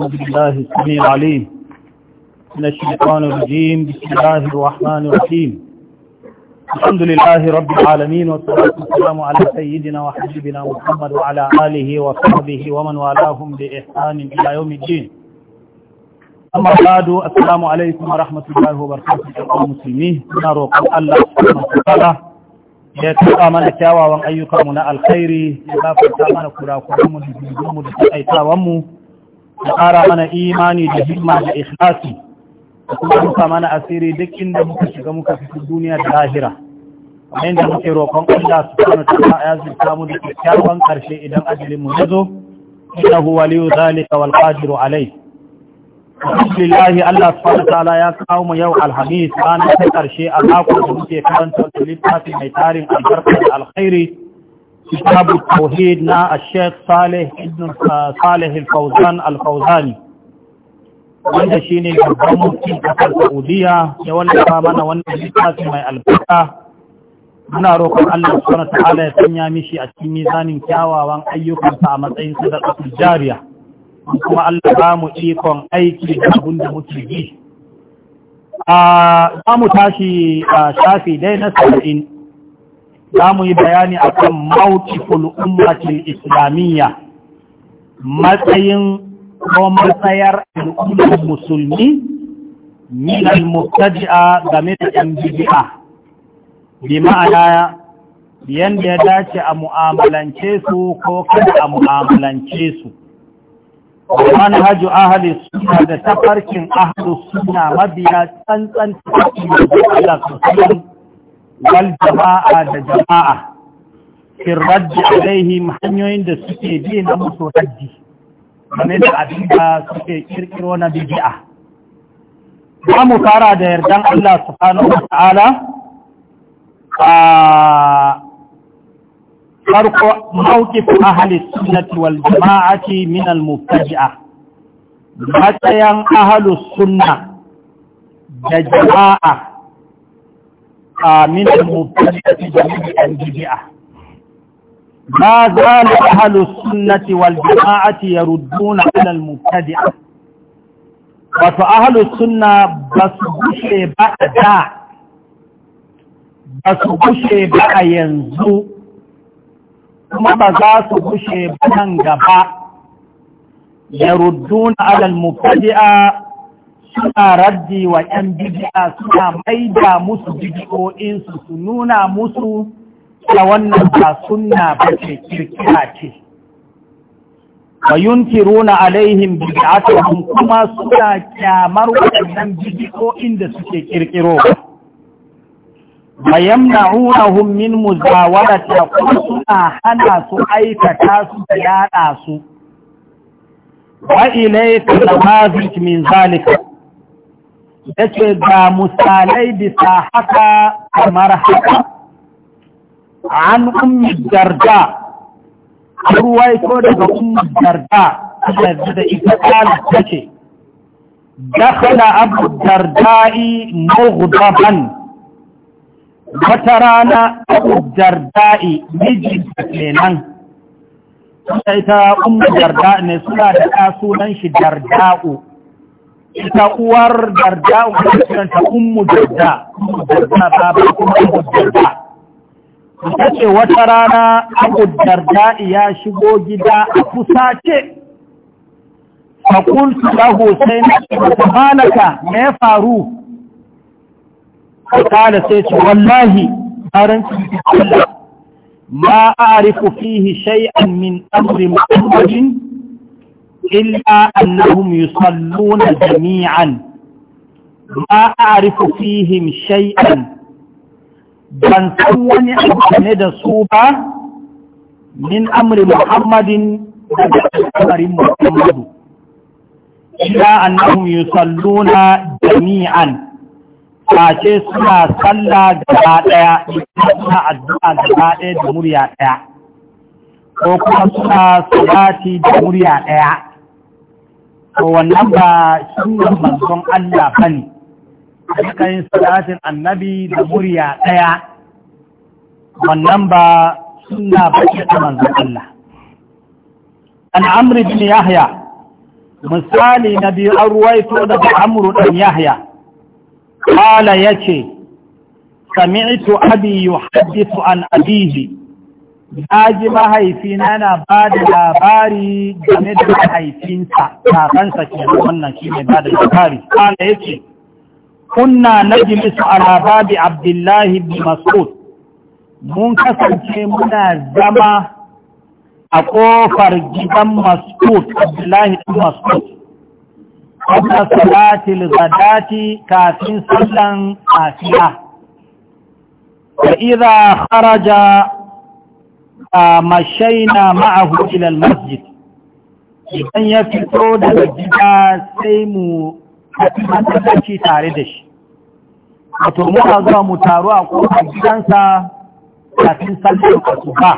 أعوذ بالله السميع العليم من الشيطان الرجيم بسم الله الرحمن الرحيم الحمد لله رب العالمين والصلاة والسلام على سيدنا وحبيبنا محمد وعلى آله وصحبه ومن والاهم بإحسان إلى يوم الدين أما بعد السلام عليكم ورحمة الله وبركاته أيها المسلمين نروق الله سبحانه وتعالى ya tuka وأن أيكم من الخير alkhairi ya كلا mana kurakuranmu da zunubanmu ya ƙara mana imani da himma da ikhlasi kuma rufa mana asiri duk inda muka shiga muka fito duniya da lahira kamar yadda muke roƙon Allah subhanahu wa ta'ala ya zurta mu da kyakkyawan karshe idan ajalin mu zo, innahu waliyu zalika wal qadiru alayh alhamdulillah Allah subhanahu wa ta'ala ya kawo mu yau alhamis ranar ta a makon da muke karanta littafi mai tarin albarka da alkhairi كتاب التوحيدنا الشيخ صالح ابن صالح الفوزان الفوزاني wanda shi ne babban mufti kasar Saudiyya. ya wallafa mana wannan littafi mai albarka muna roƙon allah subhanahu ta'ala ya sanya mishi a cikin mizanin kyawawan ayyukansa a matsayin sadaqatul jariya kuma allah ba mu ikon aiki da abin da muke yi a za mu tashi a shafi dai na saba'in za mu yi bayani a kan mawqiful ummatil islamiyya matsayin ko matsayar al'ummar musulmi ni al-mubtadi'a game da yan bid'a bi ma'ana yanda ya dace a mu'amalance su ko kada a mu'amalance su manhaju ahli suna da tafarkin ahli suna mabiya tsantsan tafarkin da Allah wal jama'a da jama'a fil raddi alaihim hanyoyin da suke bi na musu raddi game da abin suke kirkiro na bid'a za mu fara da yardan Allah subhanahu wa ta'ala a farko mawqif ahli sunnati wal jama'ati min al mubtadi'a matsayin ahli sunna da jama'a من المبتدئة جميع البدعة ما زال أهل السنة والجماعة يردون على المبتدئة wato ahalus sunna ba su gushe ba a da ba su gushe ba a yanzu kuma ba za su gushe ba nan gaba ya rudduna alal mubtadi'a suna raddi wa ‘yan bidi'a suna maida musu bidiyoyinsu su nuna musu da wannan ba suna ba ce kirkira ce. Wa yunkiruna alaihim kuma suna kyamar waɗannan bidiyoyin da suke kirkiro. Wa yamna'unahum min muzawarata kuma suna hana su aikata su da yaɗa su. Wa ilaika namazik min zalika yake ga musalai bisa haka kamar haka an ummi darda ruwai ko daga ummi darda da ita kala take dakhala abu dardai mughdaban wata rana abu dardai mijin da kenan ita ummi darda ne suna da sunan shi darda'u ita uwar darda ta ummu darda darda ta ba kuma ummu darda ta ce wata rana abu darda ya shigo gida a fusace su lahu sai na ce malaka me ya faru kala sai ce wallahi harin cikin Allah ma a'rifu fihi shay'an min amri muhammadin إلا أنهم يصلون جميعا ما أعرف فيهم شيئا بان سواني أبنى صوبة من أمر محمد أمر محمد إلا أنهم يصلون جميعا face suna tsalla gaba ɗaya suna addu'a gaba ɗaya da murya ɗaya ko kuma suna salati da murya ɗaya to wannan ba sunan manzon Allah bane alƙayin salatin annabi da murya ɗaya wannan ba suna bakin ta manzon Allah an amri bin yahya misali na biyu an ruwaito daga amru ɗan yahya ƙala ya ce sami'tu abi yuhaddithu an abihi Na ji mahaifina na ba da labari game da mahaifinsa kakansa ke wannan shi ne ba da labari kala ya ce kunna na jimisu alababi abdullahi bi masud mun kasance muna zama a ƙofar gidan masud abdullahi bin masud wata salatil zadati kafin sallan asiya da iza kharaja mashaina ma'ahu ilal masjid idan ya fito daga gida sai mu masallaci tare da shi wato muka zuwa mu taru a kofar gidansa kafin sallar asuba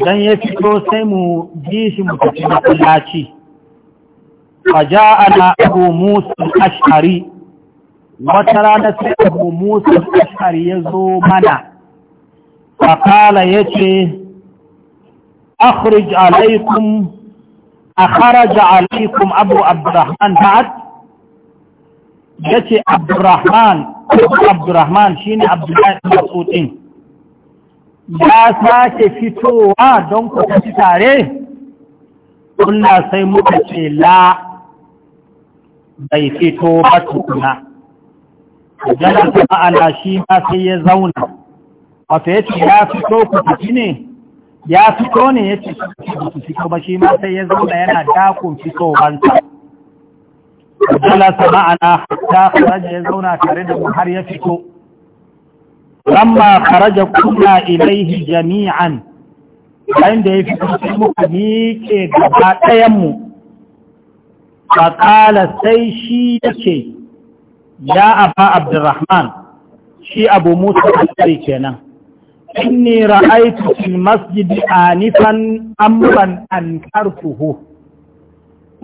idan ya fito sai mu ji shi mu tafi matsalaci. ja ana abu masallaci فجاءنا أبو موسى الأشعري وترانا أبو موسى ya zo mana. faƙala ya ce akhrij alaikum a kharaja alaikum abu abdurrahman ba'ad ya ce abdurrahman abdurrahman shi ne abdullahi masudin ya sake fitowa don ku tafi tare kunna sai muka ce la bai fito ba tukuna jana ta ma'ana shi ma sai ya zauna wato ya ce ya fito ku ne ya fito ne ya ce ba shi ma sai ya zauna yana dakon fitowarsa jalasa ma'ana ta faraja ya zauna tare da mu har ya fito lamma faraja kuna ilaihi jami'an yayin da ya fito sai muka miƙe gaba ɗayanmu faƙala sai shi ya ce ya aba abdurrahman shi abu musa alƙari kenan inni ra'aytu fil masjidi anifan amran ankartuhu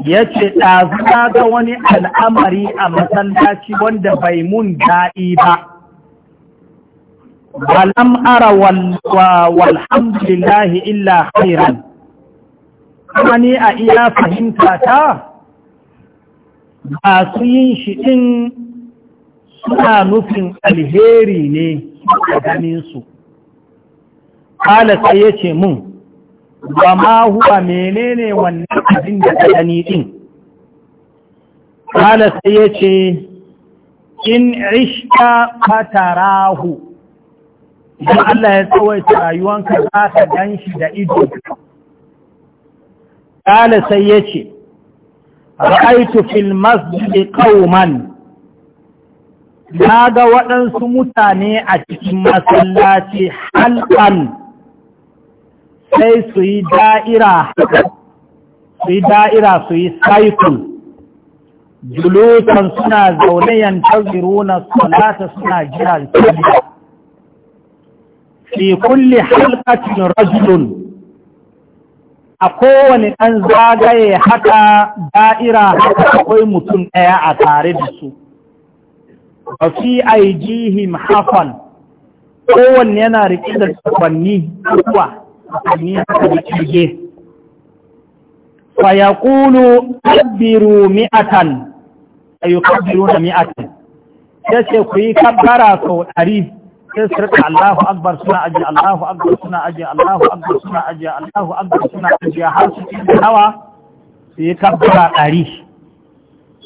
yace ɗazu ga wani al'amari a masallaci wanda bai mun daɗi ba walam ara walhamdulillahi illa khairan kuma a iya fahimta ta su yin shi ɗin suna nufin alheri ne a ganinsu kala sai ya ce mun ba ma huwa menene wannan abin da ka gani ɗin kala sai ya ce in ishka fatarahu idan Allah ya tsawaita rayuwanka za ka gan da ido kala sai ya ce ra'aitu fil masjid qauman na ga waɗansu mutane a cikin masallaci halkan sai su yi da'ira su yi da'ira su yi saikul julutan suna zaune yantaziruna salata suna jira sallah fi kulli halkacin rajulun a kowane ɗan zagaye haka da'ira haka akwai mutum ɗaya a tare da su a fi aijihim hafan kowane yana riƙe da tsakwanni kuwa ni haka da kirge fa Kulu kabbiru mi'atan ayu kabbiruna mi'atan sai ce ku yi kabbara sau ɗari sai su rika Allahu akbar suna aji Allahu akbar suna aji Allahu akbar suna aji Allahu akbar suna aji har su yi hawa su yi kabbara ɗari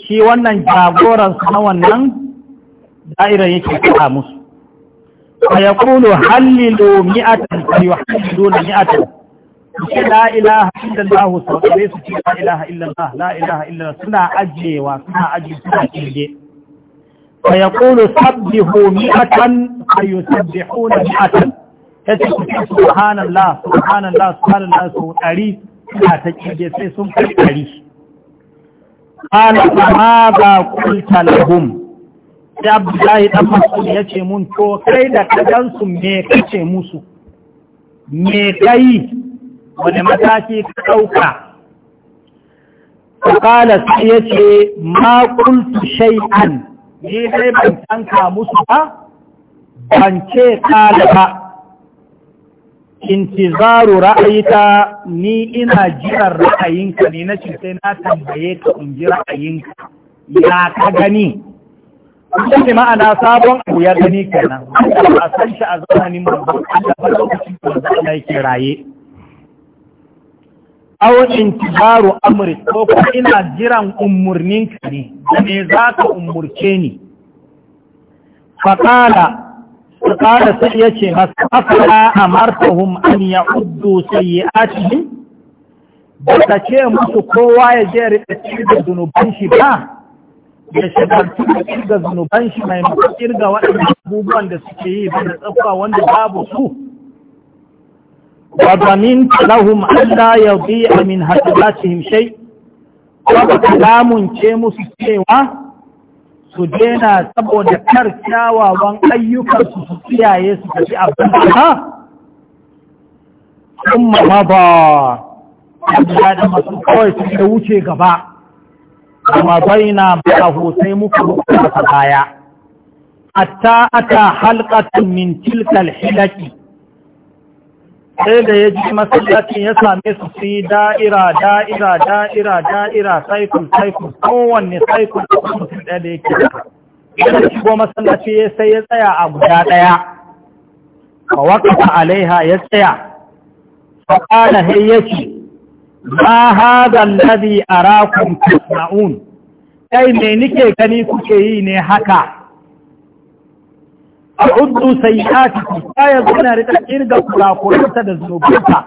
shi wannan jagoran na wannan da'irar yake ta musu فيقول حللوا مئة فيحللون مئة لا إله إلا الله ليس لا إله إلا الله لا إله إلا الله سنة أجي وسنة أجي سنة أجي فيقول سبحوا مئة فيسبحون مئة يتكلم سبحان الله سبحان الله سبحان الله سبحان الله suna ta kirge sai sun karkari. Ƙala ma ba kulta lahum da abdullahi dan mas'ud ya ce mun to kai da kadan su me kace musu me kai wani mataki ka dauka qala sai ya ce ma kultu shay'an ni dai ban tanka musu ba ban ce kala ba intizaru ra'ayita ni ina jiran ra'ayinka ne na ce sai na tambaye ka in ji ra'ayinka ya ka gani Sun bi ma'ana sabon abu ya gani kenan, a san shi a zamanin manzo Allah ba lokacin da manzo Allah yake raye. Aw intibaru amri ko ko ina jiran umurnin ka ne, da me za ka umurce ni? Faƙala, faƙala sai ya ce masa, afala amartahum an ya sayyi'atihim? Ba ta ce musu kowa ya je riƙa da zunuban shi ba, da shagaltu da kirga zunuban shi mai kirga waɗanda abubuwan da suke yi ba da tsafa wanda babu su wa zamin lahum alla yadhi'a min hasabatihim shay wa kalamun ce musu cewa su dena saboda kar kyawawan ayyukan su su kiyaye su tafi abin da kuma ma ba da masu kawai su wuce gaba kuma na mahu sai muka a baya hatta aka halqatun min tilkal hilaki sai da ya ji masallacin ya same su su yi da'ira da'ira da'ira da'ira saikul saikul kowanne saikul da mutum ɗaya da yake yana shigo masallaci ya sai ya tsaya a guda ɗaya a wakata alaiha ya tsaya faƙala hayyaci ma hada a rakun tasma'un kai me nike gani kuke yi ne haka a'uddu sayyi'atikum aya zuna rika kirga kurakurta da zunubinta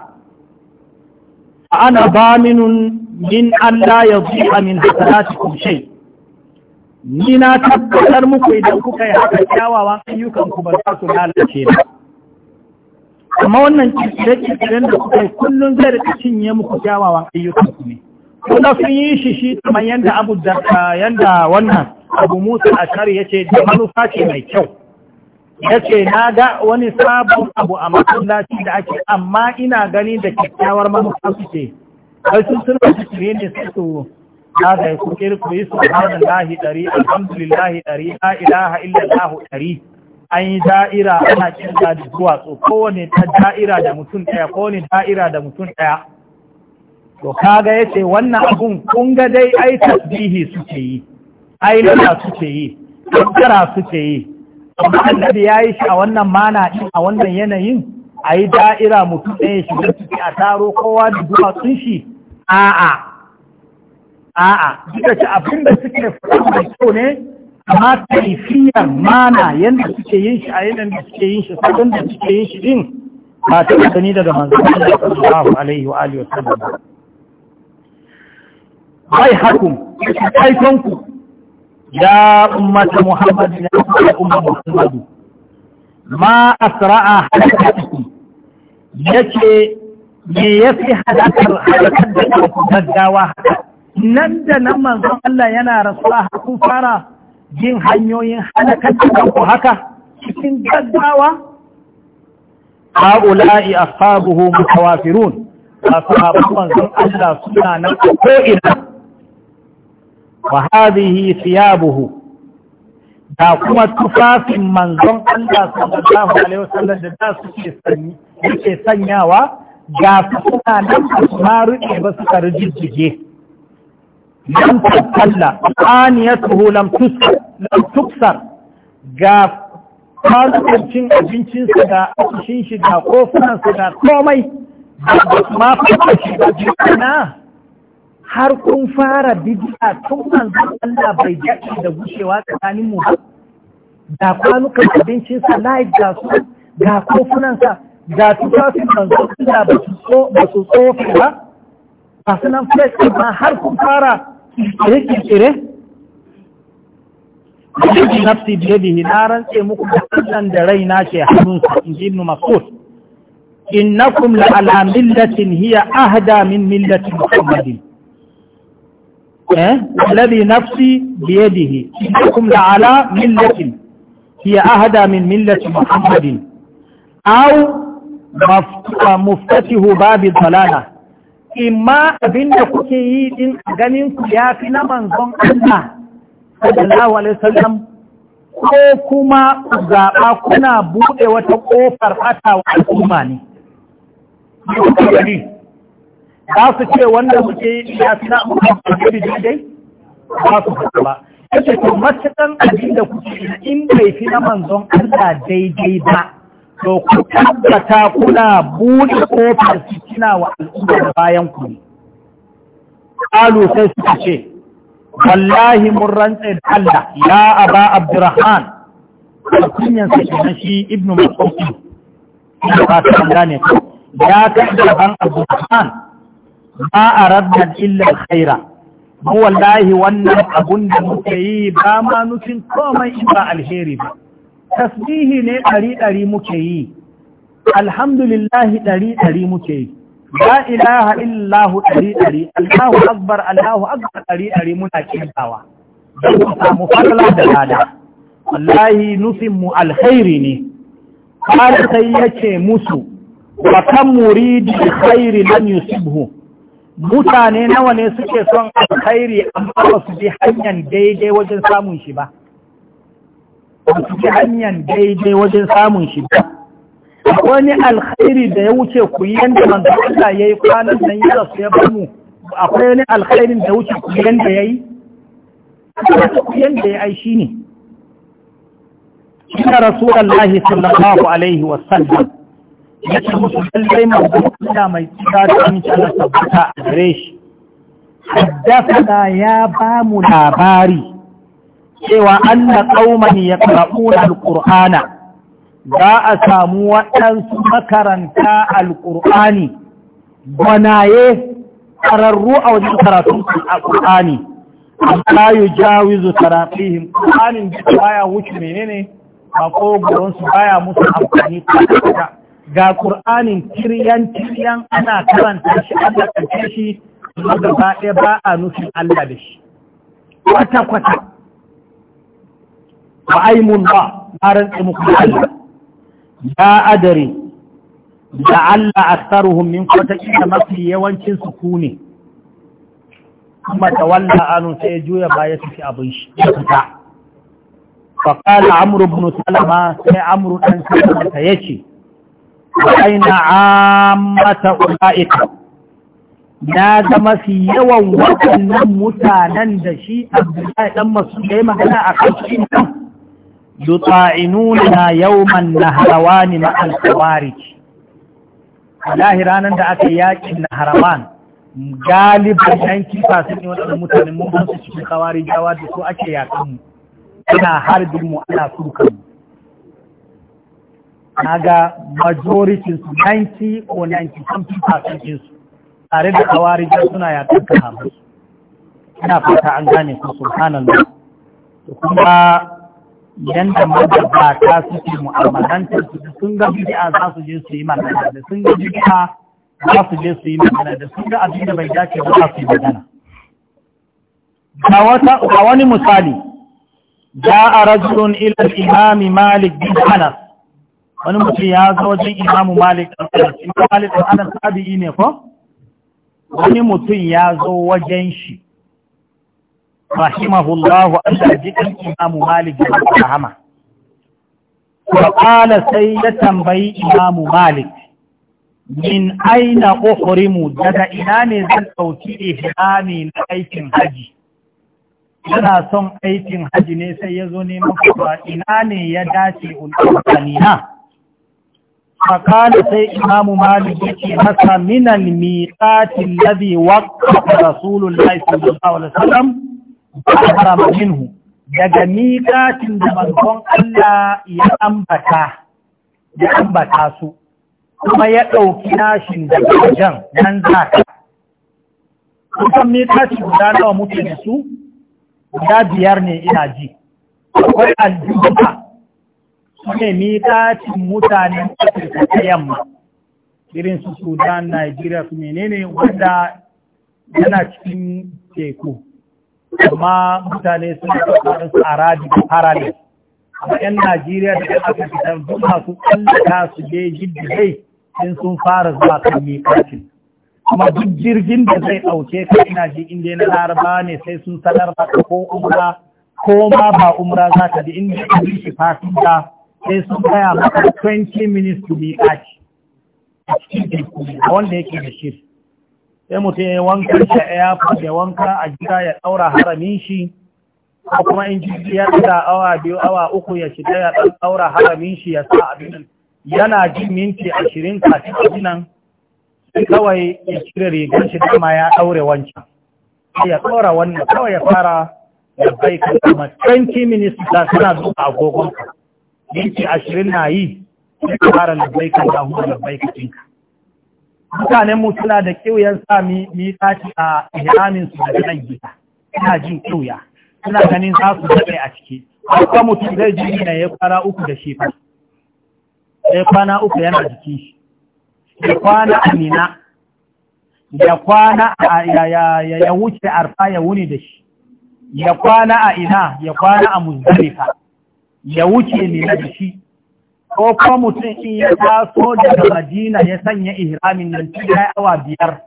ana minun min Allah ya zuwa min hasanatikum shay ni na tabbatar muku idan kuka yi haka kyawawan ayyukanku ku ba za su lalace ba amma wannan kirkire-kirkiren da kuka yi kullum zai da cinye muku kyawawan ayyukan ku ne kuma sun yi shi shi kamar yadda abu da yadda wannan abu musa a shari ya ce da manufa ce mai kyau ya ce na ga wani sabon abu a masallaci da ake amma ina gani da kyakkyawar manufa su ce kai sun sun ba shirye ne su su ya da ya kuke rikuri su hannun lahi ɗari alhamdulillahi ɗari la ilaha illallahu ɗari an yi da'ira ana kirga da duwatsu kowane ta da'ira da mutum ɗaya kowane da'ira da mutum ɗaya to kaga ya ce wannan abun kun ga dai ai tasbihi suke yi ai lalla suke yi kankara suke yi amma annabi ya yi shi a wannan mana ɗin a wannan yanayin a yi da'ira mutum ɗaya shiga ciki a taro kowa da duwatsun shi a'a a'a duka ci abin da suke fara mai kyau ne amma taifiyar mana yadda suke yin shi a yanar da suke yin shi sabon da suke yin shi din ba ta sani daga da Allah sallallahu alaihi wa wasu ba bai hakum kai tonku ya ummata muhammad ya umar muhammadu ma asra'a halakatukum ne me fi halakar halakar da ku gaggawa nan da nan manzon Allah yana rasuwa ku fara jin hanyoyin halakar da haka cikin gaggawa ha'ula'i ashabuhu mutawafirun ashabu manzon Allah suna nan ko ina wa hadhihi thiyabuhu da kuma tufafin manzon Allah sallallahu alaihi wasallam da da suke sanyawa ga suna nan su ma ruɗe ba suka lam tatalla aniyatuhu lam tusar lam tuksar ga farkocin abincinsa ga akushin shi ga kofunansa ga komai ma fata shi ga jikana har kun fara bidiya tun manzon Allah bai daɗe da gushewa tsakanin mu ga kwanukan abincinsa laif ga su ga kofunansa ga tufafin manzon Allah ba su tsofi ba ba su nan fes ma har kun fara kirkire-kirkire da nafsi biyadihi na rantse muku da Allah da raina ke hannunsa in ji Ibn Mas'ud innakum la ala millatin hiya ahda min millati Muhammadin eh alladhi nafsi biyadihi innakum la ala millatin hiya ahda min millati Muhammadin aw muftatihu babi dalalah imma abin da kuke yi din ganin ku ya fi na manzon Allah sallallahu alaihi wasallam ko kuma zaba kuna bude wata ƙofar fata wa al'umma ne za su ce wanda muke yi ya fi na mutum daidai ba su fata ba yake to matuƙan abin da kuke yi in bai fi na manzon Allah daidai ba to ku tabbata kuna buɗe ƙofar cikina wa al'ummar bayan ku ne qalu sai suka ce wallahi mun rantse da Allah ya aba abdurrahman kunyan sa kenan shi ibnu mas'ud ina ba ta gane ko ya kai da ban abdurrahman a aradna illar khaira mu wallahi wannan abun da muke yi ba ma nufin komai in ba alheri ba tasbihi ne ɗari ɗari muke yi alhamdulillahi ɗari ɗari muke yi la ilaha illahu ɗari ɗari allahu akbar allahu akbar ɗari ɗari muna kintawa don mu samu falala da lada wallahi nufinmu alkhairi ne har sai yace musu wa kan muridi khairi lam yusibhu mutane nawa ne suke son alkhairi amma ba su bi hanyar daidai wajen samun shi ba ba ci hanyar daidai wajen samun shi ba wani alkhairi da ya wuce ku yi yanda manzo Allah yayi kwanan nan ya rasu ya bamu akwai wani alkhairin da wuce ku yanda yayi ku yanda yayi ai shine inna rasulullahi sallallahu alaihi wa sallam ya ce musu lallai manzo Allah mai tsira da aminci Allah tabbata a gare shi Haddasa ya bamu labari cewa anna qauman yaqra'una alqur'ana za a samu waɗansu makaranta alqur'ani gwanaye ƙararru a wajen karatun alqur'ani amma yujawizu tarafihim qur'anin da baya wuce menene makogoron su baya musu amfani ga ƙur'anin kiryan kiryan ana karanta shi Allah shi gaba ɗaya ba a nufin Allah da shi kwata kwata Ba a yi mun ba na rantsa muku da Allah ya adare da Allah aktsaruhum min kwata kila mafi yawancin su ku ne kuma tawalla anu sai ya juya ba ya ci abin shi ya fita fa qala amr ibn salama sai amr dan salama ta yace wa aina ammata ulaika na ga mafi yawan waɗannan mutanen da shi abdullahi dan masu kai magana a kan shi nan yuta'inuna yawman nahrawani مع الخوارج الله ranar da aka yakin nahrawan galibin yan kifa sun yi mutanen mun ban su cikin khawarijawa da su ake yakan mu ana harbin mu ana mu naga majority su 90 or 90 something percent din su tare da suna yakan ka hamu ina fata an gane su subhanallah kuma Idan yanda ta suke mu'amalantar su sun ga bid'a za su je su yi magana da sun ga bid'a za su je su yi magana da sun ga abin da bai dace ba za su yi magana ga wani misali ja'a rajulun ila al Malik bin Anas wani mutum ya zo wajen imam'u Malik bin Anas imamu Malik bin Anas tabi'i ne ko wani mutum ya zo wajen shi rahimahullahu Allah jikin imamu malik da rahama Waƙala sai ya tambayi imamu Malik, min aina uhrimu daga ina ne zan ɗauki ihrami na aikin haji. Yana son aikin haji ne sai ya zo neman kuma ina ne ya dace ulƙasani na. Faƙala sai imamu Malik yake masa minal miƙatin lazi waƙa Rasulullahi sallallahu harama minhu daga miƙatin da manzon Allah ya ambata ya ambata su kuma ya ɗauki nashin daga wajen nan za ka kusan miƙatin guda nawa muke da su guda biyar ne ina ji akwai aljuba su ne miƙatin mutanen afirka ta yamma irin su sudan nigeria su menene wanda yana cikin teku amma mutane sun tsakanin su a radi da parallel amma yan najeriya da yan afirka duk masu tsallaka su je jirgin in sun fara zuwa kan mikatin kuma duk jirgin da zai ɗauke ka ina ji inda na laraba ne sai sun sanar maka ko umra ko ma ba umra za ka bi inda ka bi shi fasinja sai sun gaya maka 20 minutes to be a cikin teku wanda yake da shiri. sai mutum ya wanka shi airport ya wanka a gida ya ɗaura haramin shi ko kuma in ji ya ɗaga awa biyu awa uku ya shiga ya ɗan ɗaura haramin shi ya sa abin nan. yana jin minti ashirin a abin nan kawai ya cire rigar shi dama ya ɗaure wancan sai ya ɗaura wannan kawai ya fara ya bai ka kama 20 minutes da suna zuwa agogon minti ashirin na yi sai ka fara labbaika da hudu labbaika ɗinka mutanen mu suna da kiwuyan sa mi tashi a ihramin su da nan gida ina jin kyau'ya. suna ganin za su daɗe a ciki akwai mutum zai ji ne ya kwana uku da shi fa ya kwana uku yana jiki shi ya kwana amina ya kwana ya wuce arfa ya wuni da shi ya kwana a ina ya kwana a muzdalifa ya wuce mina da shi ko kuma mutum in ya taso daga madina ya sanya ihramin nan ta ya awa biyar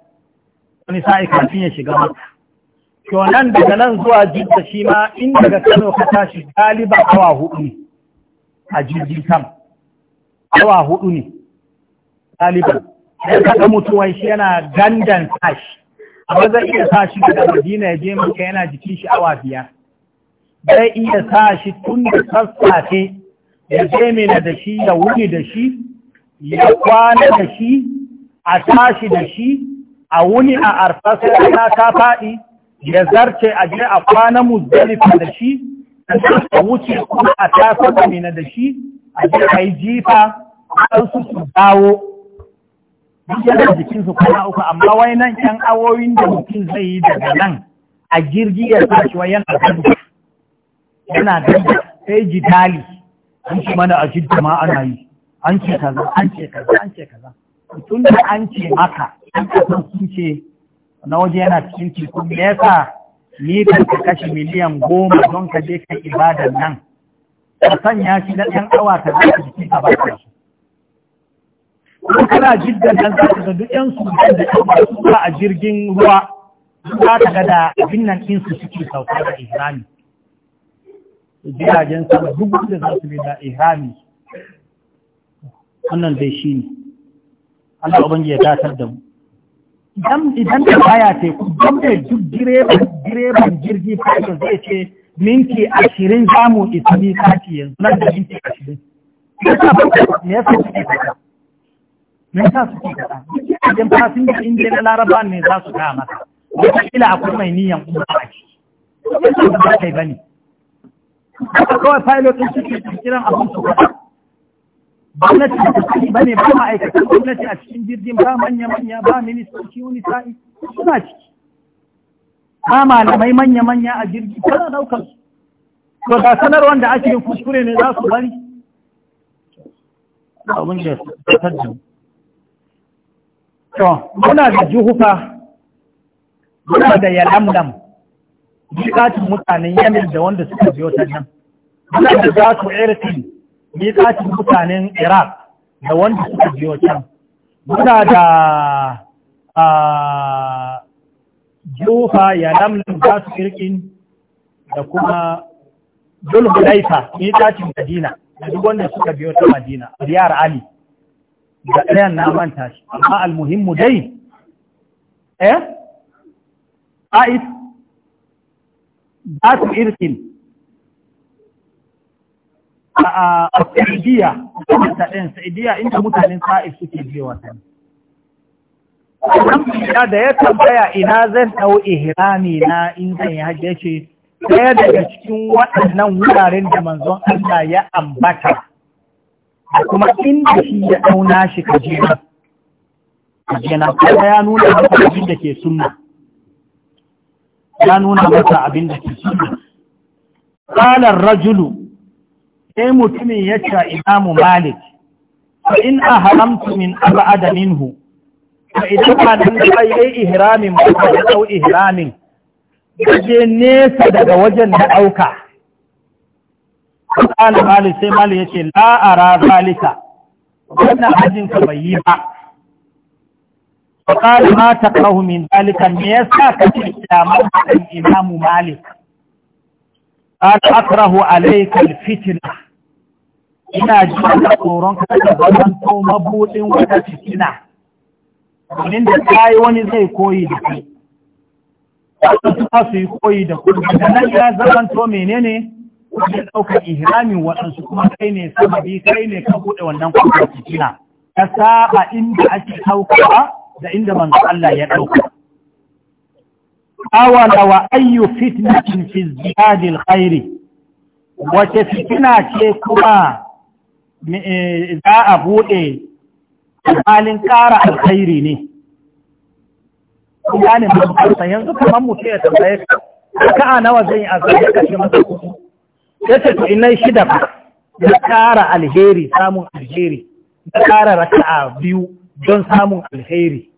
wani sa'i kafin ya shiga maka nan daga nan zuwa jidda shi ma in daga kano ka tashi galiba awa hudu ne a jirgin sam. awa hudu ne galiba sai ka ga mutuwan shi yana gandan tashi amma zai iya sa shi daga madina ya je maka yana jikin shi awa biyar zai iya sa shi tun da sassafe ya Mina da shi ya wuni da shi ya kwana da shi a tashi da shi a wuni a arfa sai ta faɗi ya zarce a je a kwana muzdalifa da shi a wuce kuma a tasa Mina da shi a je a yi jifa an su su dawo yana su kuma uku amma wai nan ƴan awoyin da mutum zai yi daga nan a jirgi ya tashi wai yana gudu yana gudu sai jidali an ce mana a jidda ma ana yi an ce kaza an ce kaza an ce kaza tun da an ce maka an kasan sun ce na waje yana cikin teku me yasa ni ka kashe miliyan goma don ka je ka ibadan nan ka sanya shi na ɗan awa ka za ka jiki ba ka shi kuma kana jiddan nan za ka ga duk ƴan su da ke masu a jirgin ruwa za ka ga da abin nan ɗin su suke sauka da ihrami jiragen sama duk wanda za su bi da ihami wannan zai shi ne Allah ubangi ya datar da mu idan da baya teku don da duk direban jirgi fa'ida zai ce minti ashirin za mu isa ni kati yanzu nan da minti ashirin me yasa suke kaɗa me yasa suke kaɗa idan fasin da inda na laraba ne za su kama masa wata kila akwai mai niyan kuma a ciki ba kai haka kawai pilot ɗin suke kiran abin su kwata gwamnati da ta ba ne ba ma'aikatan gwamnati a cikin jirgin ba manya-manya ba ministoci wani sa'i suna ciki ba malamai manya-manya a jirgi tana daukar su to da sanarwar da ake yin kuskure ne za su bari abin da tattar da to muna da juhufa muna da yalamlam miƙatin mutanen yamin da wanda suka biyo ta nan ana da za su irkin miƙatin mutanen iraq da wanda suka biyo can muna da a jufa ya namnin za su irkin da kuma dulhulaifa miƙatin madina da duk wanda suka biyo ta madina riyar ali da ɗayan na manta shi amma almuhimmu dai eh a'is ba su irkin a Saudiya ta ɗin Saudiya inda mutanen Sa'id suke je watan. Ya da ya tambaya ina zan ɗau ihrami na in zan yi hajji ce ɗaya daga cikin waɗannan wuraren da manzon Allah ya ambata a kuma inda shi ya ɗau nashi kajera. na kaje na ya nuna maka abin da ke sunna ya nuna masa abin da ke shi qalar rajulu sai mutumin ya ce imamu malik fa in ahramtu min ab'ada minhu fa idan ba nan da yi ihramin ba da dau ihramin je nesa daga wajen da auka. qala malik sai malik yake la ara zalika wannan ka bai yi ba فقال ما تقرأه من ذلك ميسا كثير إسلام الإمام مالك قال أكره عليك الفتنة ina ji قرون tsoron kada zaman to mabuɗin wata fitina domin da ta yi wani zai koyi da kai wasu ta su yi kuɗin ɗaukar ihramin waɗansu kuma kai ne sababi kai ne ka buɗe wannan kuɗin fitina ta saba inda ake ɗaukawa da inda manzo Allah ya dauka awala wa ayu fitnatin fi zihad alkhair wace fitina ce kuma eh, za a bude halin ƙara alkhairi ne kuma ne mutum yanzu kamar mutum da tambaye ka a nawa zai a ka kashe masa kuɗi ya ce to inai shida ka kara ƙara alheri samun alheri ka ƙara raka'a biyu don samun alheri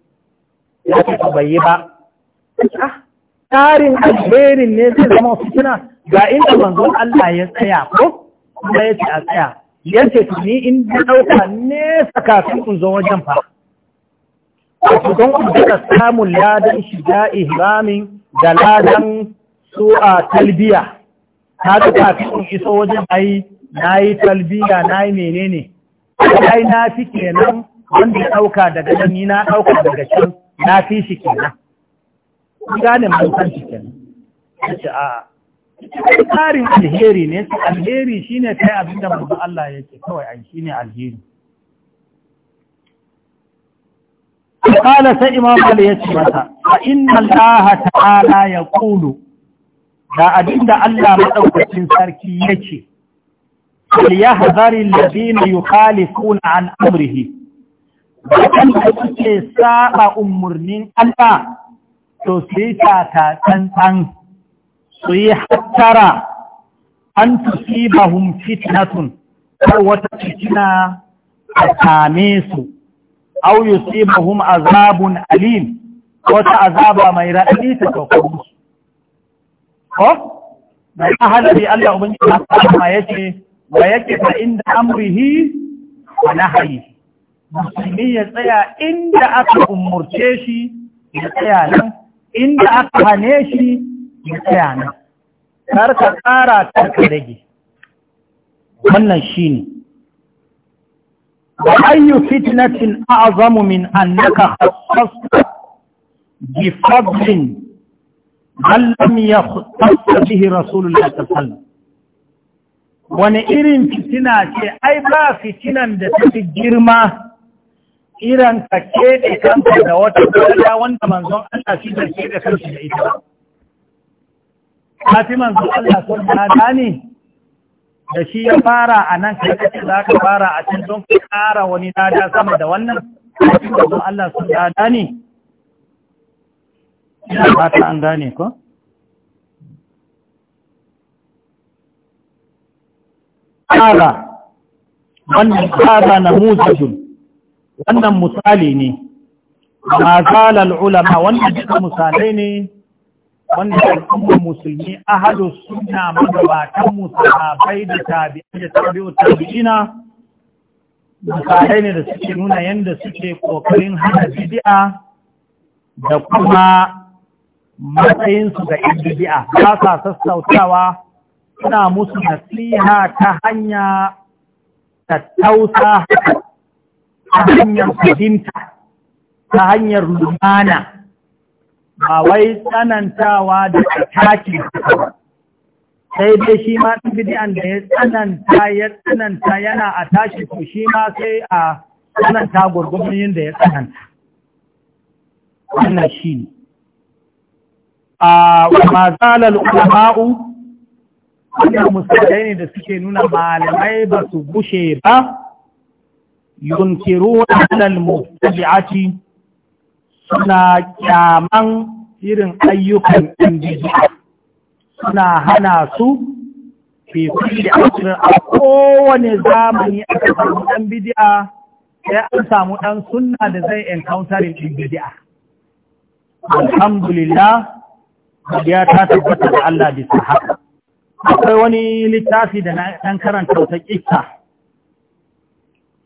ya ce ka bayi ba ah, tarin alherin ne zai zama fitina ga inda manzon Allah ya tsaya ko kuma ya ce a tsaya ya ce to ni in da ɗauka nesa kafin in zo wajen fa wato don ku daga samun ladan shiga ihramin da ladan su a talbiya ta ga kafin in iso wajen ayi na yi talbiya na yi menene ai na fi kenan wanda ya ɗauka daga nan ni na ɗauka daga can na fi shi kenan gane mun san shi kenan ce a tsarin alheri ne alheri shine kai abin da manzo Allah ya ce kawai an shi ne alheri Imam قال سيما علي يتمسى فإن الله تعالى يقول da abin da Allah maɗaukacin sarki ya ce, Yahzari ladina yukhalifuna an amrihi waɗanda suke saba umarnin Allah to su yi tata tsantsan su yi hattara an tusibahum fitnatun kar wata fitina a same su aw yusibahum azabun alim wata azaba mai raɗaɗi ta kawo musu ko mai ahalabi Allah ubangiji ta ma yace wa yake ta inda amrihi wa nahyihi musulmi ya tsaya inda aka umurce shi ya tsaya nan inda aka hane shi ya tsaya nan kar ka tsara kar ka rage wannan shi ne wa ayyu fitnatin a'zamu min annaka khassasta bi fadlin man lam yakhtass bihi rasulullah sallallahu wani irin fitina ce ai ba fitinan da ta fi girma iran ta keɗe kanta da wata kariya wanda manzon Allah shi da keɗe kanta da ita. Kati manzon Allah sun hada ne da shi ya fara a nan kai kake za ka fara a can don ka ƙara wani nada sama da wannan kati manzon Allah sun hada ne. Ina fata an gane ko? Ƙara, wannan ƙara na muzajin wannan misali ne ma zalal ulama wannan duka misalai ne wanda al'ummar musulmi ahadu suna magabatan musahabai da tabi'ai da tabi'u tabi'ina misalai ne da suke nuna yadda suke kokarin hana bid'a da kuma matsayinsu ga yin bid'a ba sa sassautawa suna musu nasiha ta hanya tattausa ta hanyar fahimta ta hanyar lumana ba wai tsanantawa da taki sai dai shi ma bidi'an da ya tsananta ya tsananta yana a tashi ko shi ma sai a tsananta gurgurin da ya tsananta wannan shi ne a mazalar ulama'u wannan musulmai ne da suke nuna malamai ba su gushe ba yunkiruna alal mubtadi'ati suna kyaman irin ayyukan indiji suna hana su fi kulli asrin a kowane zamani aka samu dan bidi'a sai an samu dan sunna da zai encountering ɗin bid'a alhamdulillah ya ta tabbata da Allah bisa haka akwai wani littafi da na ɗan karanta wata kissa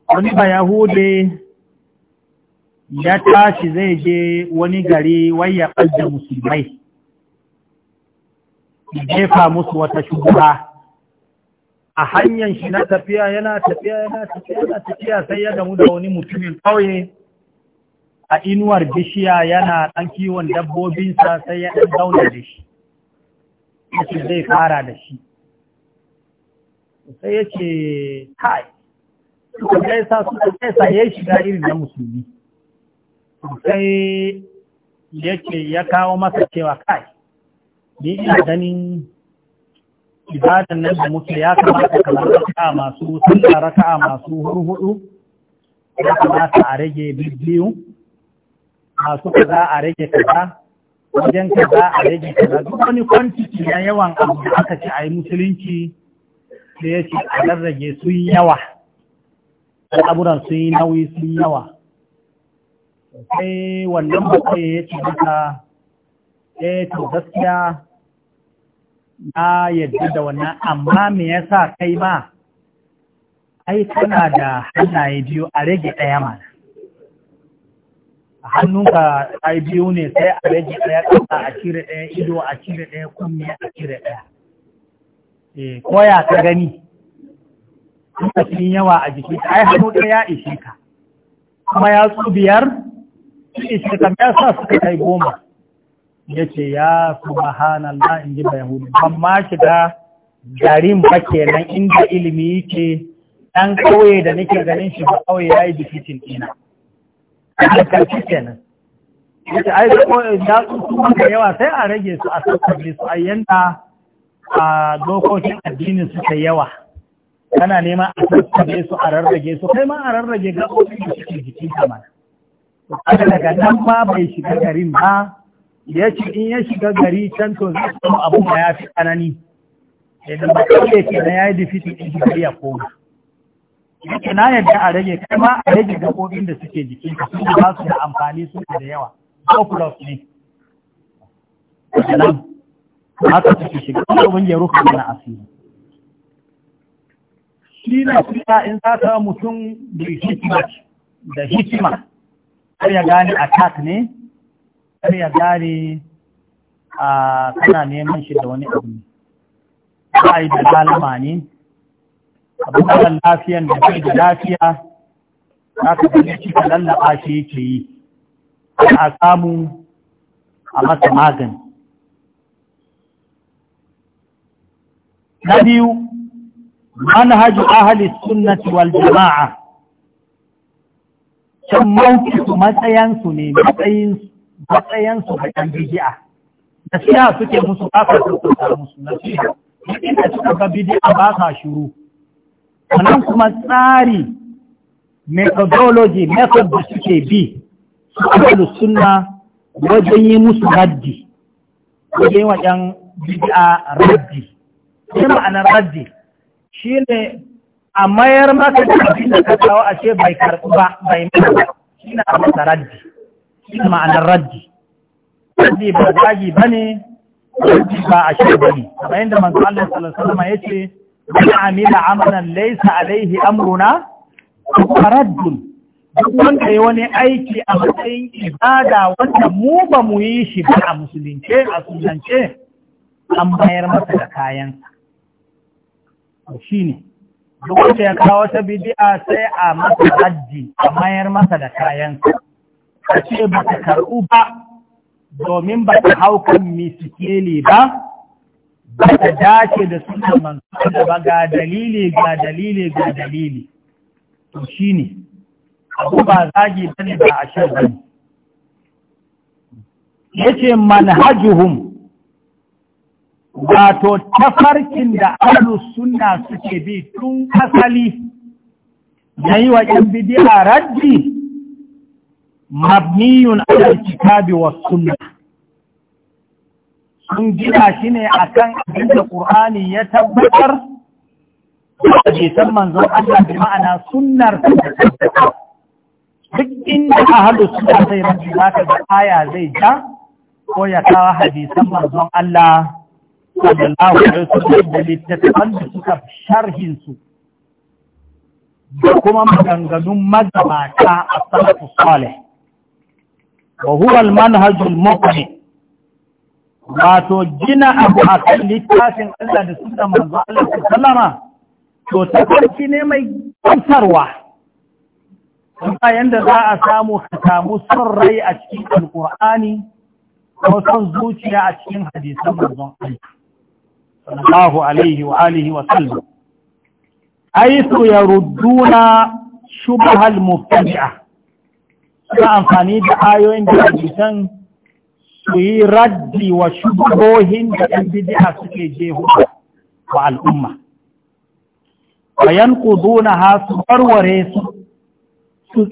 wani ba yahude ya tashi zai je wani gari wai ya ɓadda musulmai jefa musu wata shugaba a hanyar shi na tafiya yana tafiya yana tafiya yana tafiya sai ya damu da wani mutumin kauye a inuwar bishiya yana ɗan kiwon dabbobinsa sai ya ɗan zauna da shi yake zai fara da shi sai ya ce kai suka kaisa suka kaisa ya shiga irin na musulmi sai yake ya kawo masa cewa kai ni ina ganin ibadan nan da muke ya kamata kamar raka'a masu sallah raka'a masu hurhudu ya kamata a rage biyu masu kaza a rage kaza wajen kaza a rage kaza duk wani kwantiti na yawan abu da aka ce a yi musulunci sai ya ce a rarrage sun yawa al'amuran sun yi nauyi sun yawa sai wannan bakwai ya ce duka ya eh ce gaskiya na yadda da wannan amma me yasa kai ma ai kana da hannaye biyu a rage ɗaya mana a hannunka ai biyu ne sai a rage ɗaya ƙasa a cire ɗaya ido a cire ɗaya kunne a cire ɗaya eh koya ka gani lokacin yawa a jiki ai hannu ɗaya ya ishe ka kuma ya su biyar ishe ka ya sa suka kai goma ya ce ya subhanallah in ji ba yahudu ban ma shiga garin ba nan, inda ilimi yake ɗan ƙauye da nake ganin shi ba ƙauye ya yi bifitin ɗina a kenan ya ce ai ya da yawa sai a rage su a sassabe su a yanda a dokokin addinin suka yawa kana nema a tattabe su a rarrage su kai ma a rarrage gaɓoɓin da suke jikin kamar aka daga nan ma bai shiga garin ba ya ce in ya shiga gari can to zai samu abu ma ya fi tsanani idan ba kawai ke na ya yi difitin in gari ya koma yake na yadda a rage kai ma a rage gaɓoɓin da suke jikin ka sun ba su da amfani su da yawa ko plus ne haka suke shiga kuma ban je rufe mana asiri shi na kuma in za ta mutum da hikima da hikima har ya gane attack ne har ya gane a kana neman shi da wani abu ne ba yi da lalama ne abu da lafiyan da ke da lafiya za ka gane shi ka lallaba shi yake yi a samu a masa magani na biyu manhaj ahli sunnati wal jama'a can mawkisu matsayansu ne su ga ɗan bidi'a nasiha suke musu kafa tattauta musu nasiha inda suka ga bid'a ba sa shuru sannan kuma tsari methodology method da suke bi su ahli sunna wajen yi musu raddi wajen wajen bid'a raddi sai ma'anar raddi shi ne a mayar maka da abin da kasawa a ashe bai karɓi ba bai mai shi ne a masa raddi shi ne ma'anar raddi raddi ba zagi ba ne raddi ba ashe ba ne bayan da manzo Allah sallallahu alaihi ya ce man amila amalan laysa alaihi amruna a raddun duk wanda ya wani aiki a matsayin ibada wanda mu ba mu yi shi ba a musulunce a sunance an bayar masa da kayansa shi ne duk ya kawo wata bidi'a sai a masa hajji a mayar masa da kayansa a ce ba ta karɓu ba domin ba ta hau kan misikeli ba ba ta dace da suka mansu da ba ga dalili ga dalili ga dalili to shi ne abu ba zagi ba ne ba a shan ya ce wato tafarkin da ahlus suna suke bi tun asali yi wa yan bid'a raddi mabniyun ala kitabi was sun gina shi ne akan abin da ya tabbatar da jisan manzon Allah bi ma'ana sunnar duk inda a hadu suna zai za ta ga aya zai ja ko ya kawo hadisan manzon Allah sallallahu alaihi da da suka sharhin su da kuma maganganun magabata a salatu salih wa huwa al muqni wato gina abu a kan littafin Allah da sunna manzo Allah sallama to tafarki ne mai kusarwa bayan da za a samu ka samu son rai a cikin alkur'ani ko son zuciya a cikin hadisan manzon Allah sallallahu alaihi wa alihi wa sallam aitu yarudduna shubhal mubtadi'a suna amfani da ayoyin da hadisan su yi raddi wa shubuhohin da ɗan bid'a suke jeho wa al'umma. wa yanquduna ha su warware su, su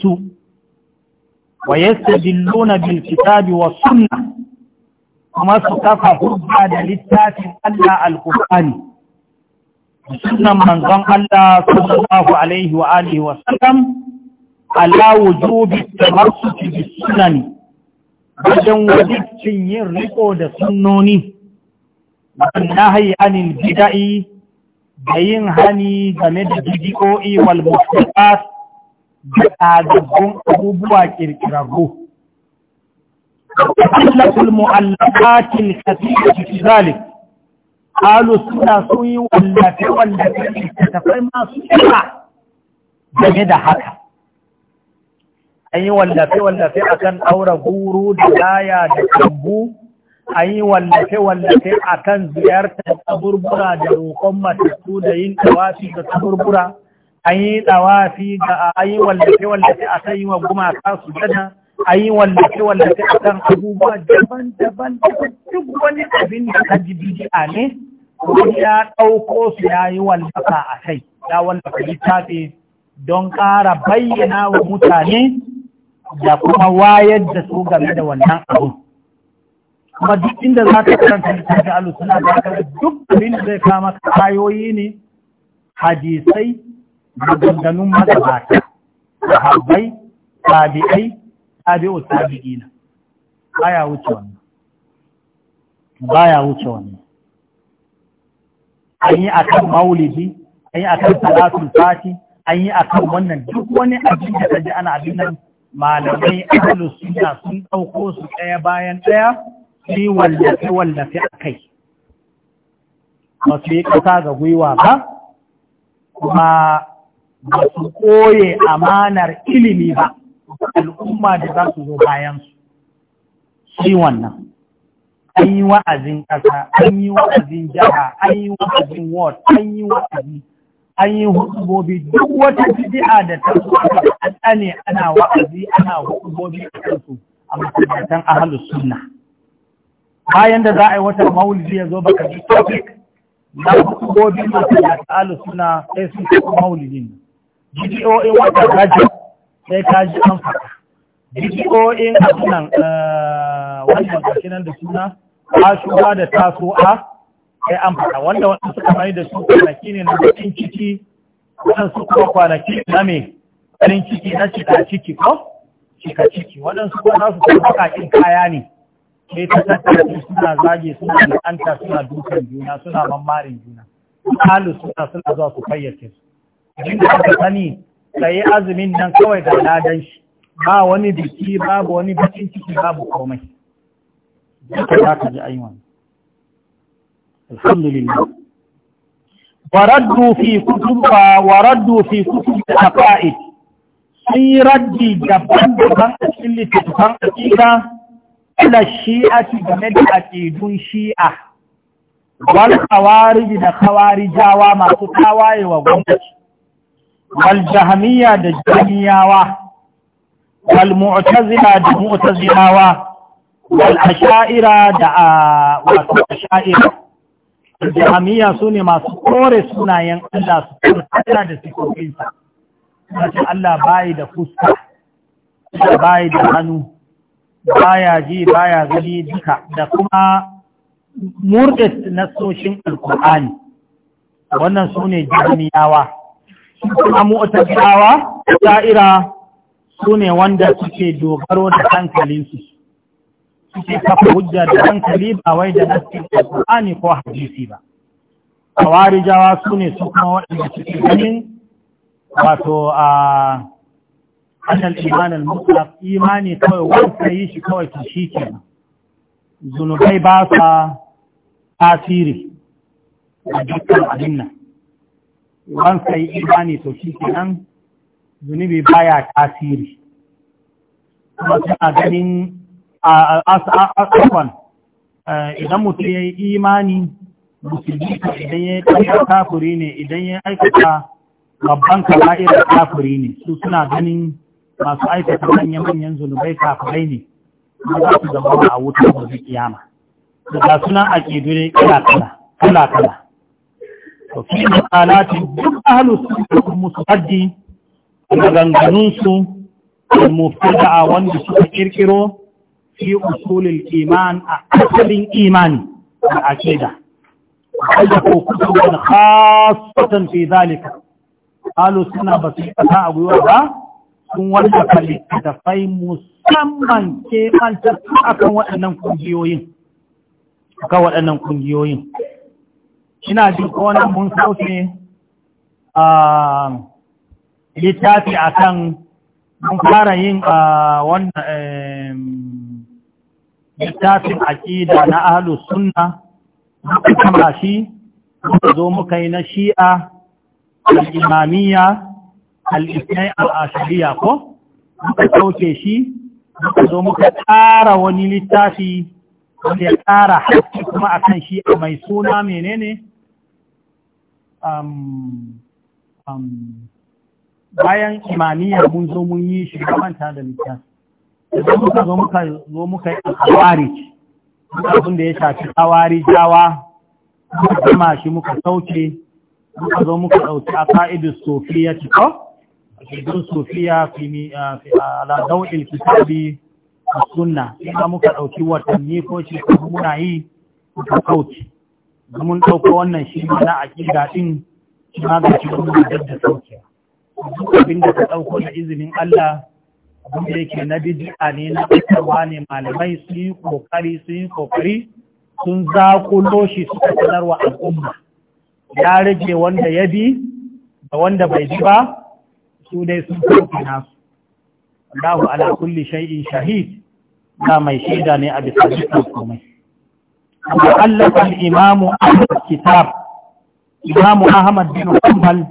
su, wa yastadilluna dilluna bil kitabi wa sunnah kuma su kafa hujja da littafin Allah al-Qur'ani sunan manzon Allah sallallahu alaihi wa alihi wa sallam ala wujubi tamassuk bis sunani wajen wajibcin yin riko da sunnoni nahyi anil bida'i da yin hani game da bidi'o'i wal mustaqqat da abubuwa kirkirarru Ballaful mu'amalatin kati da kifisali. Alu sula sunyi wallafe-wallafe, masu she'a. game da haka. An yi wallafe-wallafe a kan aure guru, da laya, da dambu. An yi wallafe-wallafe a kan ziyarta ta burbura da rukon masitu, da yin awafi da ta burbura. An yi awafi ga a yi wallafe-wallafe a kan yi wa gumaka su danna. a yi wallafe-wallafe a kan abubuwa daban-daban duk wani abin da ka ji bidi'a ne wani ya ɗauko su ya yi wallafa a kai ya wallafa littafi don ƙara bayyana wa mutane da kuma wayar da su game da wannan abu kuma duk inda za ka karanta littafi alu suna da duk abin da zai kama kayoyi ne hadisai maganganun magabata sahabbai tabi'ai tabi'u tabi'ina baya wuce wannan baya wuce wannan an yi a kan maulidi an yi a kan salatul fati an yi a kan wannan duk wani abin da kaji ana abin nan malamai ahlus suna sun ɗauko su ɗaya bayan daya shi wallafe wallafe akai ba su yi kasa ga gwiwa ba kuma ba su koye amanar ilimi ba al'umma da za su zo bayan su shi wannan an yi wa'azin ƙasa an yi wa'azin jaha, an yi wa'azin ward an yi wa'azi an yi hukumobi duk wata bid'a da ta zo an tsane ana wa'azi ana hukumobi a kansu a masallatan ahlus sunna bayan da za a yi wata maulidi ya zo baka ji topic na hukumobi masallatan ahlus sunna sai sun tafi maulidin in wata rajab sai ka ji an faɗa bidiyoyin abunan eh, wannan ƙarshe nan da suna ashura da a, sai an faɗa wanda wanda suka mai da su kwanaki ne na bakin ciki waɗansu kuma kwanaki na me farin ciki na cika ciki ko cika ciki waɗansu kuma za su kuma baƙaƙin kaya ne sai ta tattara suna zage suna la'anta suna dukan juna suna mammarin juna alu suna suna zuwa su fayyace su. Jin da aka sani ka yi azumin nan kawai da ladan shi ba wani biki babu wani bikin ciki babu komai duka za ka ji aiwon alhamdulillah waraddu fi kutub waraddu fi kutu da afa'i sun yi raddi daban-daban a cikin littattafan aƙida ila ci game da aƙidun shi'a wani khawarij da jawa masu tawaye wa gwamnati wal jahmiya da jahmiyawa wal mu'tazila da mu'tazilawa wal asha'ira da wato asha'ira jahmiya sune masu kore sunayen Allah su kore da sifofinsa sai Allah bai da fuska bai da hannu baya ji baya gani duka da kuma murda nasoshin alkur'ani wannan sune ne jami'awa kuma mu'tazilawa da'ira su ne wanda suke dogaro da hankalinsu suke kafa hujja da hankali ba wai da da alqur'ani ko hadisi ba kawarijawa su ne su kuma waɗanda suke ganin wato a annal imanin mutuwa imani kawai wata yi shi kawai ta to ba. zunubai ba sa tasiri a dukkan abin nan wan sai imani to shi kenan zunubi baya tasiri kuma suna ganin asakon eh, idan mutum ya yi imani musulmi idan ya yi ƙasar kafuri ne idan ya aikata babban kama'irar kafuri ne su suna ganin masu aikata manya-manyan zunubai kafurai ne kuma za su zama a wuta da kiyama da suna a ƙidure kala-kala to fi makalati duk ahlus musu haddi maganganunsu mubtada'a wanda suka ƙirƙiro fi usulil iman a asalin imani da akida kaje ko kutuban khassatan fi zalika ahlus sunna ba su kasa a gwiwa ba sun wanda fai musamman ke manta akan waɗannan kungiyoyin akan waɗannan kungiyoyin ina jin mun sauke a littafi a kan mun fara yin a wannan littafin aƙida na ahalus sunna muka kama shi zo muka yi na shi'a al’imamiya al’isai al'ashariya ko muka sauke shi muka zo muka ƙara wani littafi wanda ya ƙara haske kuma akan shi a mai suna menene bayan imaniya mun zo mun yi shi manta da littafi idan muka zo muka zo muka yi alawari abin da ya shafi tsawari jawa muka zama shi muka sauke muka zo muka ɗauki a ka'idin sofiya ciko a shidun sofiya fi aladau ilkitabi a sunna ina muka ɗauki watanni ko shi muna yi muka sauke da mun ɗauko wannan shi ma na aƙida ɗin na ga shi kuma da sauke duk abin da ka ɗauko da izinin Allah abin da yake na bid'a ne na ƙasarwa ne malamai sun yi kokari sun yi kokari sun zaƙulo shi suka sanarwa al'umma ya rage wanda ya bi da wanda bai bi ba su dai sun sauke nasu Allahu ala kulli shay'in shahid na mai shaida ne a bisa dukkan komai وألف الإمام أحمد كتاب إمام أحمد بن حنبل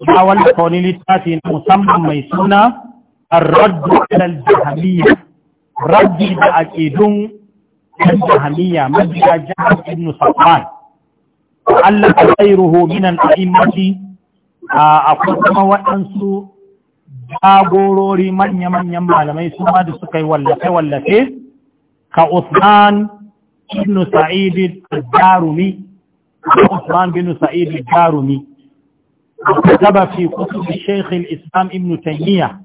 ya wallafa wani littafi na musamman mai suna Ar-Raddu alal Raddi da aqidun kan Jahamiyya mabiya Jahar ibn Safwan Allah ta min al-a'immati akwai kuma waɗansu jagorori manya-manyan malamai su ma da suka yi wallafe-wallafe ka Usman ibn sa'id al-darumi Usman bin Sa'id al-Darumi كتب في كتب الشيخ الإسلام ابن تيمية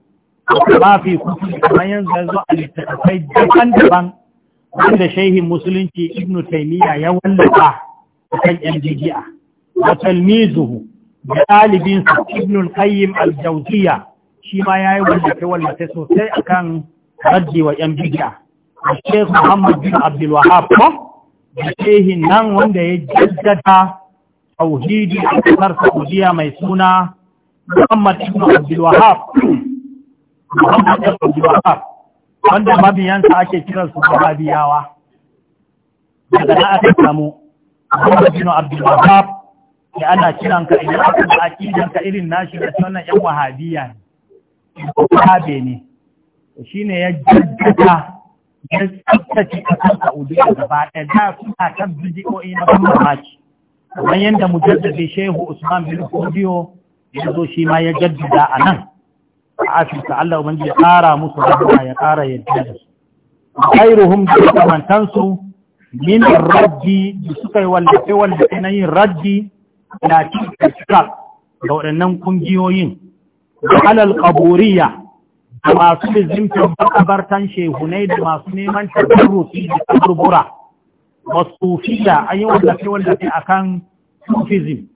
وكما في كتب كما ينزل الاتفاقي دبان دبان عند شيخ مسلم ابن تيمية يولد كان البدعة وتلميذه بطالب ابن القيم الجوزية شيما يولد كولد تسوسي أكان رد وينبدعه da Sheikh Muhammad bin Abdul Wahab ko da nan wanda ya jaddada tauhidi a kasar Saudiya mai suna Muhammad bin Abdul Wahab Muhammad bin Abdul Wahab wanda mabiyansa ake kiran su Wahabiyawa daga na aka samu Muhammad bin Abdul Wahab Ya ana kiran ka idan aka da akidan ka irin nashi da sunan yan wahabiya ne ko ne shine ya jaddada ya a udu Saudiya gaba ɗaya da suna kan bidiyoyi na ban Kamar yadda mujaddadi Shehu Usman bin Kodiyo ya zo shi ma ya jaddada a nan. A Afirka Allah Ubangiji ya kara musu rahama ya kara yadda da su. Khairuhum da kamantansu min raddi da suka yi wallafe wallafe na yin raddi na cikin da waɗannan kungiyoyin. Da alal kaburiya. da masu lizimtar makabartan shehunai da masu neman rufi da taburbura wasufiya an yi wallafe wallafe a kan sufizim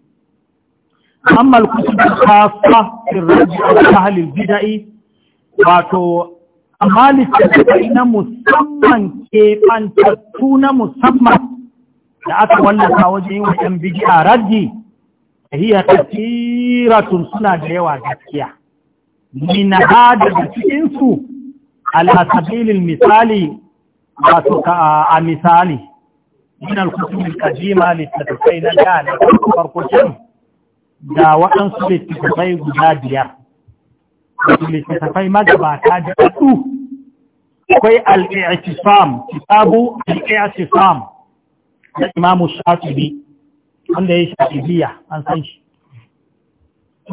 amma kutubin kasa irraji a halin bida'i wato amma kai na musamman keɓantattu na musamman da aka wallafa wajen yi wa ‘yan biji a raji da hiyar tasiratun suna da yawa gaskiya Mina hada da cikinsu ala sabilil misali wato a misali min al-kutub littattafai na da na farko da waɗansu littattafai guda biyar littattafai magabata da ɗaɗu akwai al'i'atisam kitabu al'i'atisam na imamu shafibi wanda ya biya an san shi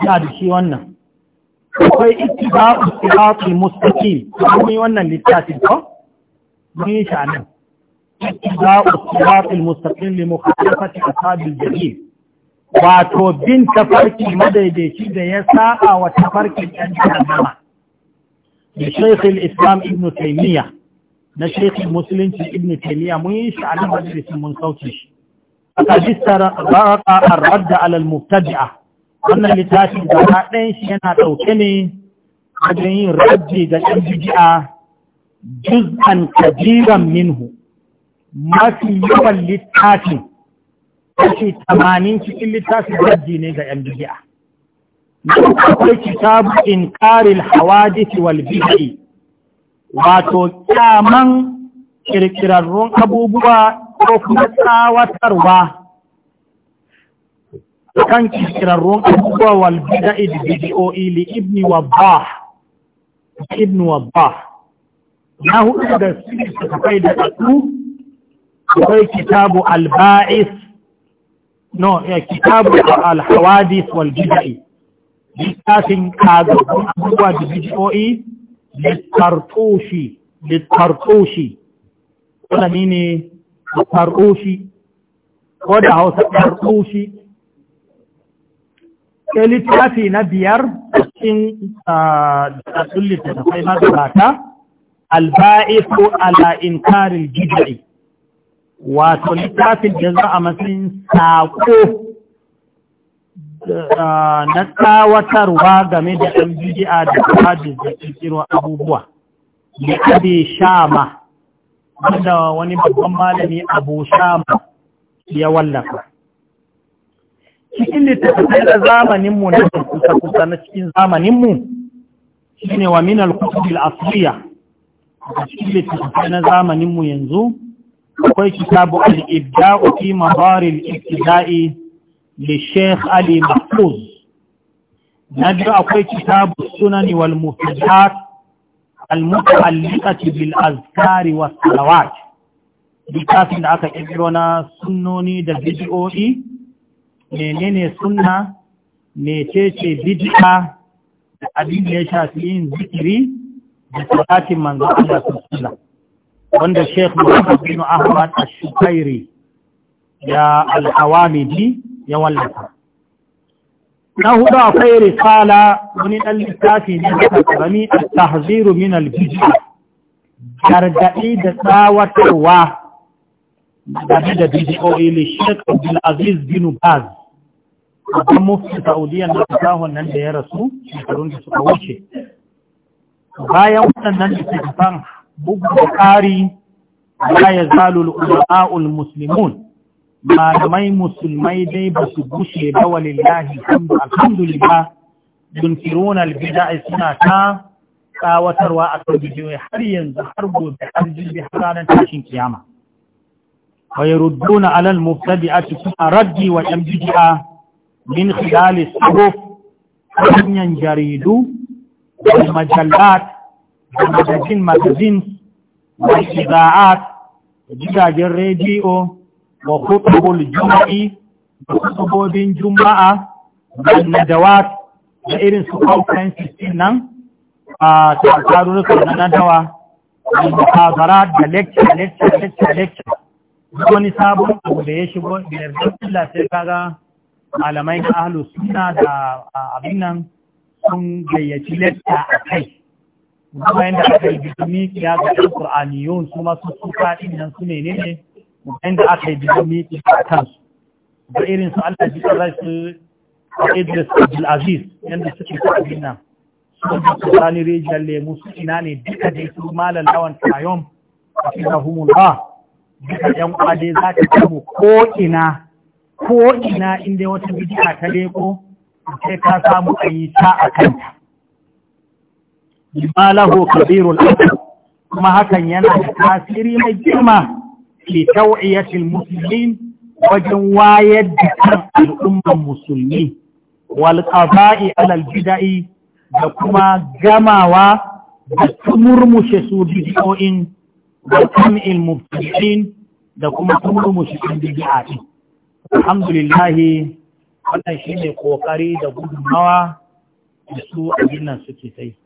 ina da shi wannan akwai ittiba'u siratul mustaqim mun yi wannan littafin ko mun yi shi anan ittiba'u siratul mustaqim li mukhalafati ashabil jahil wato bin tafarki madaidaici da ya saba wa tafarkin ɗan jahannama da shaykh islam ibn taymiya na shaykh musulunci ibn taymiya mun yi shi anan majalisin mun sauke shi aka bisara baraka ar-radd ala al-mubtadi'ah wannan littafin gaba ɗayan shi yana ɗauke ne wajen yin rabbi ga ɗan bidi'a juz'an kajiran minhu mafi yawan littafin kashi tamanin cikin littafin rabbi ne ga ɗan bidi'a akwai kitabu in ƙarin hawadisi wal bid'i wato kyaman kirkirarrun abubuwa ko kuma tsawatarwa kan kirkirarrun abubuwa wal bida'i da bidiyo'i li ibni wabbah ibn wabbah na hudu da su kafai da su akwai kitabu alba'is no ya kitabu al-hawadis wal bida'i littafin kagagun abubuwa da bidiyo'i littartoshi littartoshi wadda ne ne tartoshi ko da hausa tartoshi sai littafi na biyar cikin datsun littattafai mazarata alba'ifu alainkarin inkarin wato littafin da za a matsayin saƙo na tsawatarwa game da ɗan bidi'a da kwadis da ƙirƙiro abubuwa da abe shama wanda wani babban malami abu shama ya wallafa cikin littattafai na zamaninmu na kusa kusa na cikin zamaninmu shi ne wa minal kutubil asliya a cikin littattafai na zamaninmu yanzu akwai kitabu al-ibda'u fi mabaril ibtida'i li Sheikh Ali Mahfuz na biyu akwai kitabu sunani wal mufidat al-muta'alliqati bil azkari was salawat littafin da aka kirkiro na sunnoni da bid'o'i menene sunna mecece bid'a da abin da ya shafi yin zikiri da salatin manzo Allah sallallahu wanda Sheikh Muhammad bin Ahmad Ash-Shukairi ya al-Awamidi ya wallafa na hudu akwai risala wani ɗan littafi ne da karami a tahziru min al-bid'a gargaɗi da tsawatarwa game da bid'o'i li Sheikh Abdul Aziz bin Baz babban mufti saudiyan na fasahun nan da ya rasu shekarun da suka wuce bayan waɗannan da suka san bugu da ƙari la ya zalu ulama'ul muslimun malamai musulmai dai ba su gushe ba walillahi alhamdulillah yunkiruna albida'i suna ta tsawatarwa a kan bidiyoyi har yanzu har gobe har jirgi har ranar tashin kiyama wa yarudduna alal mubtadi'ati suna raddi wa yan bidi'a min khilali suhuf hanyar jaridu da majallat da magazin magazins da shiga'at gidajen rediyo wa kutubul juma'i da kutubobin juma'a da nadawat da irin su conferences nan a tarurruka na nadawa da muhabara da lecture lecture lecture lecture wani sabon abu da ya shigo da yardar Allah sai kaga malamai na ahlu suna da abin nan sun gayyaci letta a kai bayan da aka yi bidumi ya ga ɗan yau su masu suka ɗin nan su ne ne bayan da aka yi bidumi a kansu da irin su Allah ji ƙarar su a Idris Abdulaziz yadda suke ta abin nan su ne su sani rijiyar lemu su ina ne duka da su malam lawan tayom a cikin ba duka yan ƙwade za ta samu ko ina ko ina inda wata bid'a ta leko sai ka samu yi ta a kanta lima lahu kabirul kuma hakan yana da tasiri mai girma ke tau'iyatil muslimin wajen wayar da kan al'umman musulmi wal qada'i alal gida'i, da kuma gamawa da tumurmushe su bid'o'in da tam'il mubtadi'in da kuma tumurmushe su bid'a'in alhamdulillahi wannan shi ne kokari da gudunmawa da su a nan suke sai